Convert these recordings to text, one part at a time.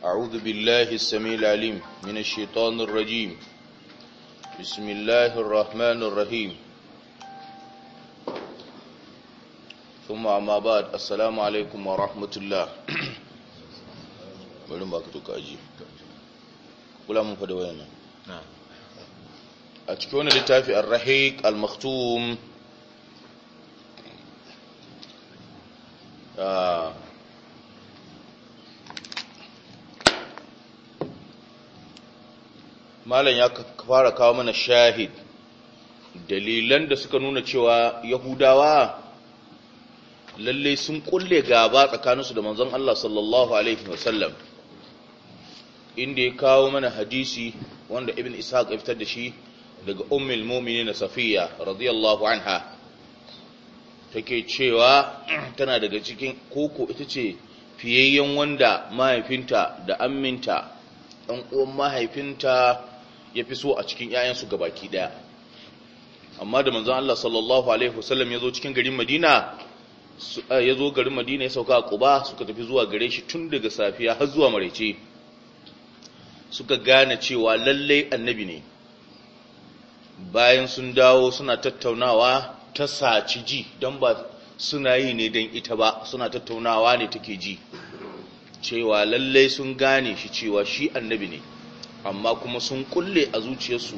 أعوذ بالله السميع العليم من الشيطان الرجيم بسم الله الرحمن الرحيم ثم أما بعد السلام عليكم ورحمة الله bari ba ka tuka aji kula mun fada wayana a cikin malam ya fara kawo mana shahid dalilan da suka nuna cewa yahudawa lalle sun kulle gaba tsakaninsu da manzon Allah sallallahu alaihi wasallam inda ya kawo mana hadisi wanda ibn ishaq ya fitar da shi daga ummul mu'minin safiya radiyallahu anha take cewa tana daga cikin koko ita ce fiyayyen wanda mahaifinta da amminta ɗan uwan mahaifinta ya fi so a cikin 'ya'yansu ga baki ɗaya. amma da manzon Allah sallallahu alaihi wasallam ya zo cikin garin Madina ya zo garin Madina ya sauka a Quba suka tafi zuwa gare shi tun daga safiya har zuwa maraice suka gane cewa lallai annabi ne bayan sun dawo suna tattaunawa ta saci ji don ba suna yi ne don ita ba suna tattaunawa ne take ji cewa lallai sun gane shi cewa shi annabi ne amma kuma sun kulle a zuciyarsu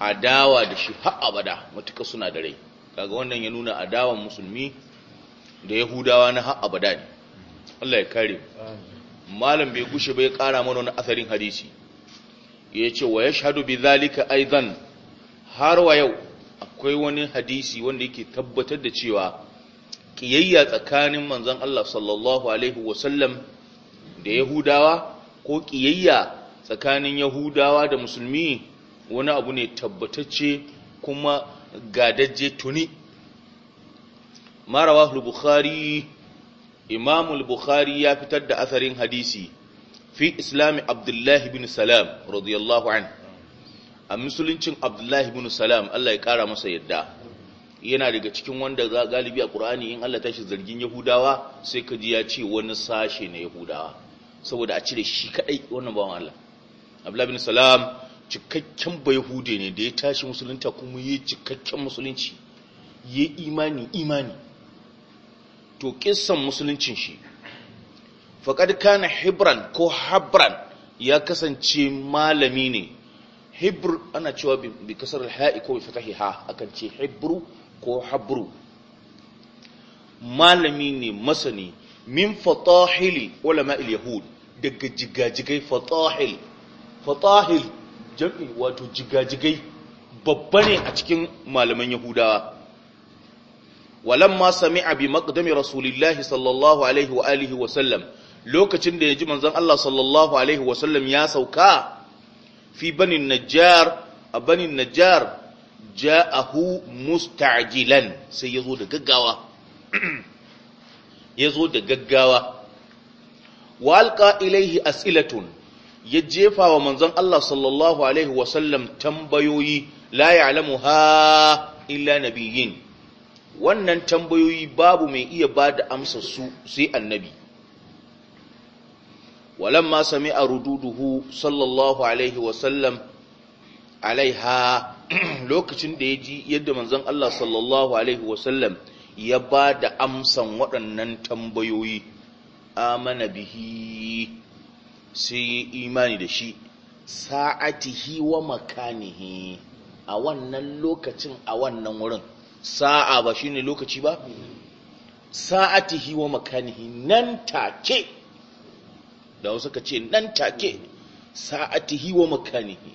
adawa da shi har abada matuƙa suna da rai kaga wannan ya nuna adawan musulmi da yahudawa na har abada ne Allah ya kare malam bai gushe bai ƙara mana wani asarin hadisi ya ce wa ya shahadu bi zalika aizan har wa yau akwai wani hadisi wanda yake tabbatar da cewa ƙiyayya tsakanin manzon Allah sallallahu alaihi wasallam da yahudawa ko ƙiyayya tsakanin yahudawa da musulmi wani abu ne tabbatacce kuma gadajje tuni marawa bukhari imam bukhari ya fitar da asarin hadisi fi islami abdullahi bin salam radiyallahu an a musuluncin abdullahi bin salam allah ya kara masa yadda yana daga cikin wanda galibi a ƙur'ani in allah tashi zargin yahudawa sai ka ji ya ce wani sashe na yahudawa saboda a cire shi kaɗai wannan bawan allah abdullahi bin salam cikakken bayahude ne da ya tashi musulunta kuma ya cikakken musulunci ya imani imani to ƙisan musuluncin shi faƙad kana hebron ko habran ya kasance malami ne hebron ana cewa bi kasar ha'i ko bi fatahi ha akan ce Hibru ko habru malami ne masani min fatahili ulama'il yahud daga jigajigai hili. fatahil jam'i wato jigajigai babba ne a cikin malaman yahudawa walamma sami'a bi maqdami rasulillahi sallallahu alaihi wa alihi wa sallam lokacin da yaji manzon Allah sallallahu alaihi wa sallam ya sauka fi bani najjar a bani najjar ja'ahu mustajilan sai yazo da gaggawa yazo da gaggawa wa alqa ilaihi as'ilatun ya jefa wa manzon Allah sallallahu alaihi wasallam tambayoyi la ya'lamuha illa nabiyyin wannan tambayoyi babu mai iya ba da amsar su sai annabi walamma sami'a rududuhu sallallahu alaihi wasallam alaiha lokacin da ya ji yadda manzon Allah sallallahu alaihi wasallam ya ba da amsan waɗannan tambayoyi amana bihi sai yi imani da shi sa'atihi wa makanihi a wannan lokacin a wannan wurin sa'a ba shine lokaci ba sa'atihi wa makanihi nan take da wasu ka ce nan take sa'atihi wa makanihi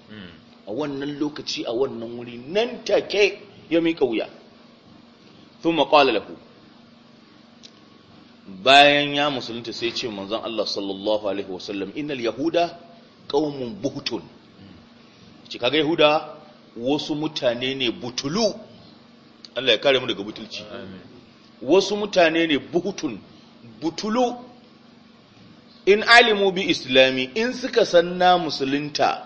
a wannan lokaci a wannan wuri nan take ya mika wuya thumma qala lahu bayan ya musulunta sai ce manzon Allah sallallahu alaihi wasallam innal yahuda qaumun buhutun. ci kaga yahuda wasu mutane ne butulu Allah ya kare mu daga butulci wasu mutane ne buhutun, butulu in alimu bi islami in suka san na musulunta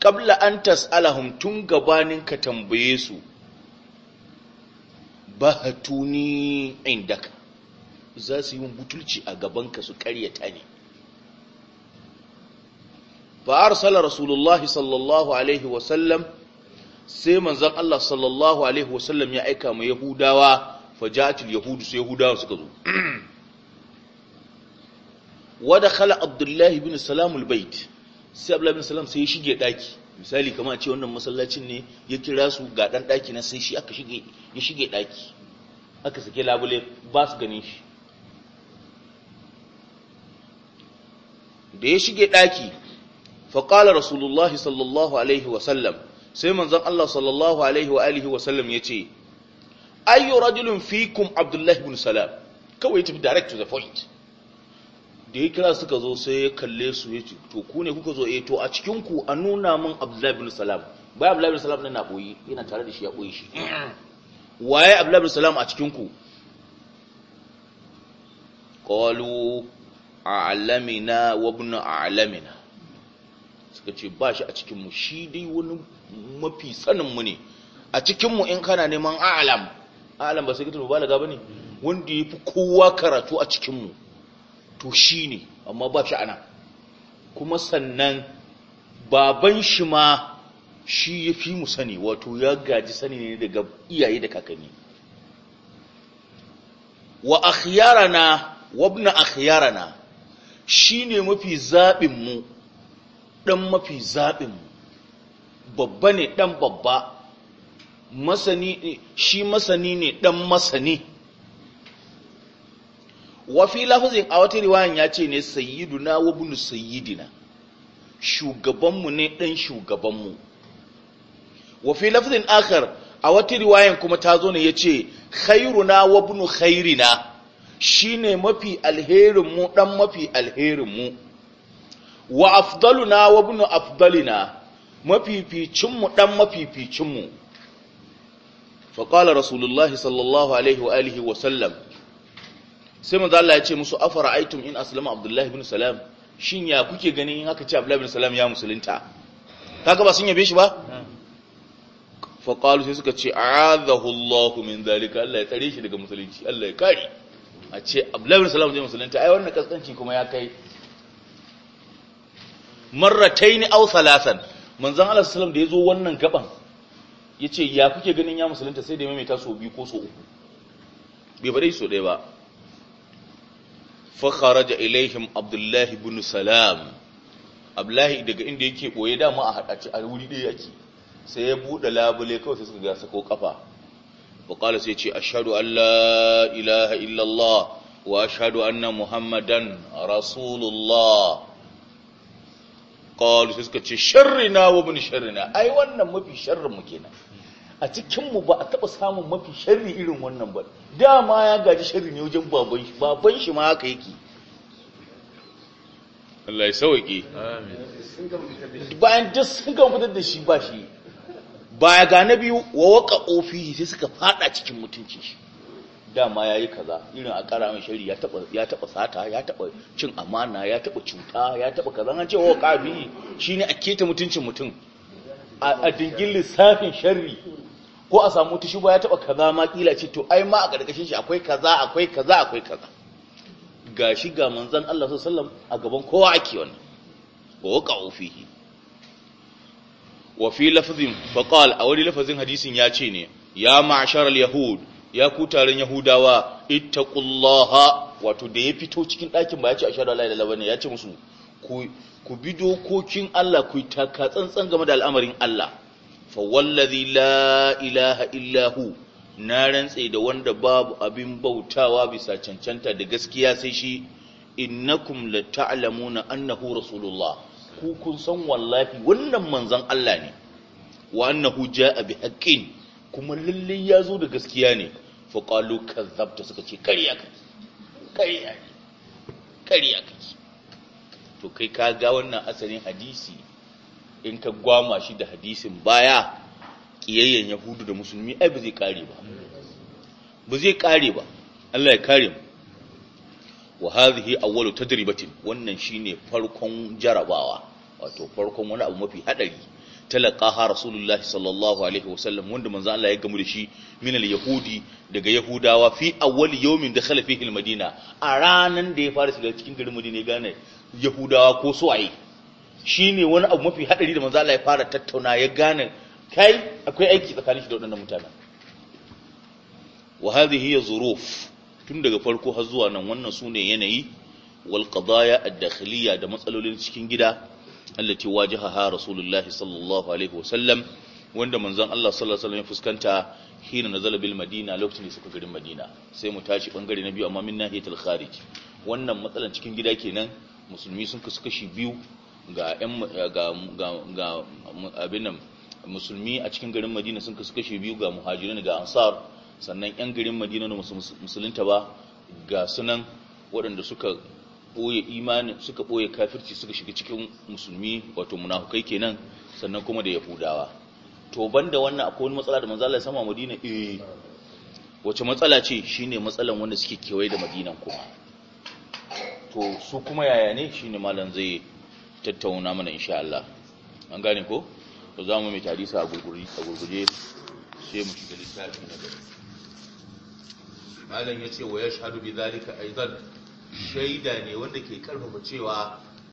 qabla an tas'alahum tun gabanin ka tambaye su bahatuni indaka za su yi butulci a gabanka su karyata ne fa arsala rasulullahi sallallahu alaihi wasallam sai manzon Allah sallallahu alaihi wasallam ya aika ma yahudawa fajatul yahudu sai yahudawa suka zo wa dakhala abdullahi bin salam albayt sai abdullahi bin salam sai ya shige daki misali kamar ce wannan masallacin ne ya kira su ga dan daki na sai shi aka shige ya shige daki aka sake labule ba su ganin shi da ya shige daki fa qala rasulullahi sallallahu alaihi wa sallam sai manzon Allah sallallahu alaihi wa alihi wa sallam yace ayyu rajulun fikum abdullah ibn salam kawai tafi direct to the point da ya kira suka zo sai ya kalle su ya ce to ku ne kuka zo eh to a cikin ku a nuna min Abdullahi bin Salam bai Abdullahi bin Salam ne na boyi yana tare da shi ya boye shi waye Abdullahi bin Salam a cikin ku qalu a'lamina wa ibn a'lamina suka ce ba shi a cikin mu shi dai wani mafi sanin mu ne a cikin mu in kana neman a'lam a'lam ba sai kitu gaba bane wanda yafi kowa karatu a cikin mu to shi ne amma ba shi ana kuma sannan baban shi ma shi ya fi mu sani wato ya gaji sani ne daga iyaye da kakanni wa akhyarana wabna akhyarana shi ne mafi zaɓinmu ɗan mafi zaɓinmu babba ne ɗan babba shi masani ne ɗan masani wa fi lafazin a wata riwayan ya ce ne sayyiduna wa bunu sayyidina shugabanmu ne ɗan shugabanmu wa fi lafazin akhar a wata riwayan kuma ta zo ne ya ce khairuna wa bunu khairina shine mafi alherinmu ɗan mafi alherinmu wa afdaluna wa bunu afdalina mafificinmu ɗan mafificinmu faƙalar rasulullahi sallallahu alaihi wa alihi sallam. sai manzo Allah ya ce musu afara aitum in aslama abdullahi ibn salam shin ya kuke ganin in aka ce abdullahi ibn salam ya musulunta kaga ba sun yabe shi ba fa qalu sai suka ce a'adahu Allah min zalika Allah ya tare shi daga musulunci Allah ya kare a ce abdullahi ibn salam zai musulunta ai wannan kasanci kuma ya kai marrataini aw thalathan manzon Allah sallallahu da ya zo wannan gaban yace ya kuke ganin ya musulunta sai da ya maimaita so biyu ko so uku bai bare so ɗaya ba fakharaja ilaihim abdullahi ibn salam abdullahi daga inda yake boye dama a hadace a wuri ɗaya yake sai ya bude labule kawai sai suka ga sako kafa wa qala sai ce ashhadu an la ilaha illallah wa ashhadu anna muhammadan rasulullah qalu sai suka ce sharrina wa ibn sharrina ai wannan mafi sharrin mu kenan a cikinmu ba a taɓa samun mafi sharri irin wannan ba dama ya gaji sharri ne wajen baban shi ma haka yake Allah ya sauƙi bayan duk sun kan fitar da shi ba shi baya ga na biyu wa waka ofi sai suka fada cikin mutunci shi dama ya yi kaza irin a ƙara mai shari ya taɓa sata ya taɓa cin amana ya taɓa cuta ya taɓa kaza an ce wa ƙabi shi ne a keta mutuncin mutum a dingin lissafin shari ko a samu ta ba ya taba kaza ma kila ce to ai ma a karkashin shi akwai kaza akwai kaza akwai kaza gashi ga manzon Allah sallallahu alaihi wasallam a gaban kowa ake wannan wa waqa'u fihi wa fi lafzin qala a wani lafazin hadisin ya ce ne ya ma'ashar al-yahud ya ku taron yahudawa ittaqullaha wato da ya fito cikin ɗakin ba ya ce ashhadu an la ilaha illallah ya ce musu ku bi dokokin Allah ku ka tsantsan game da al'amarin Allah fa wallazi la ilaha illa hu na rantse da wanda babu abin bautawa bisa cancanta da gaskiya sai shi innakum lata'lamuna annahu rasulullah ku kun san wallahi wannan manzon Allah ne wa annahu jaa bi haqqin kuma lalle ya zo da gaskiya ne fa qalu kazzabta suka ce kariya kake kariya kariya kake to kai ka ga wannan asalin hadisi in ka gwama shi da hadisin baya ƙiyayyen yahudu da musulmi ai ba zai kare ba ba zai kare ba Allah ya kare mu wa hadhihi awwalu tadribatin wannan shine farkon jarabawa wato farkon wani abu mafi hadari talaqaha rasulullahi sallallahu alaihi wasallam wanda manzo Allah ya gamu da shi min al-yahudi daga yahudawa fi awwali yawmin dakhala fihi al-madina a ranan da ya fara shiga cikin garin Madina ya gane yahudawa ko suwaye Shi ne wani abu mafi haɗari da manzo Allah ya fara tattauna ya gane kai akwai aiki tsakanin shi da waɗannan mutanen wa hadhihi zuruf tun daga farko har zuwa nan wannan sune yanayi wal qadaya ad da matsalolin cikin gida allati wajahaha rasulullahi sallallahu alaihi wasallam wanda manzon Allah sallallahu alaihi wasallam ya fuskanta hina nazala bil madina lokacin da suka garin madina sai mu tashi bangare na biyu amma min nahiyatul kharij wannan matsalan cikin gida kenan musulmi sun kasu kashi biyu ga abin nan musulmi a cikin garin madina sun kasu kashe biyu ga muhajirin ga ansar sannan yan garin madina na musulunta ba ga sunan waɗanda suka ɓoye imani suka ɓoye kafirci suka shiga cikin musulmi wato munafukai kenan sannan kuma da yahudawa to banda wannan akwai wani matsala da manzo Allah ya sama madina eh wace matsala ce shine matsalan wanda suke kewaye da madinan kuma to su kuma yaya ne shine malam zai tattauna mana insha Allah an gane ko to zamu mai hadisi a gurguri a gurguje sai mu shiga littafi na gaba malam yace wa yashhadu bi zalika aidan shaida ne wanda ke karfafa cewa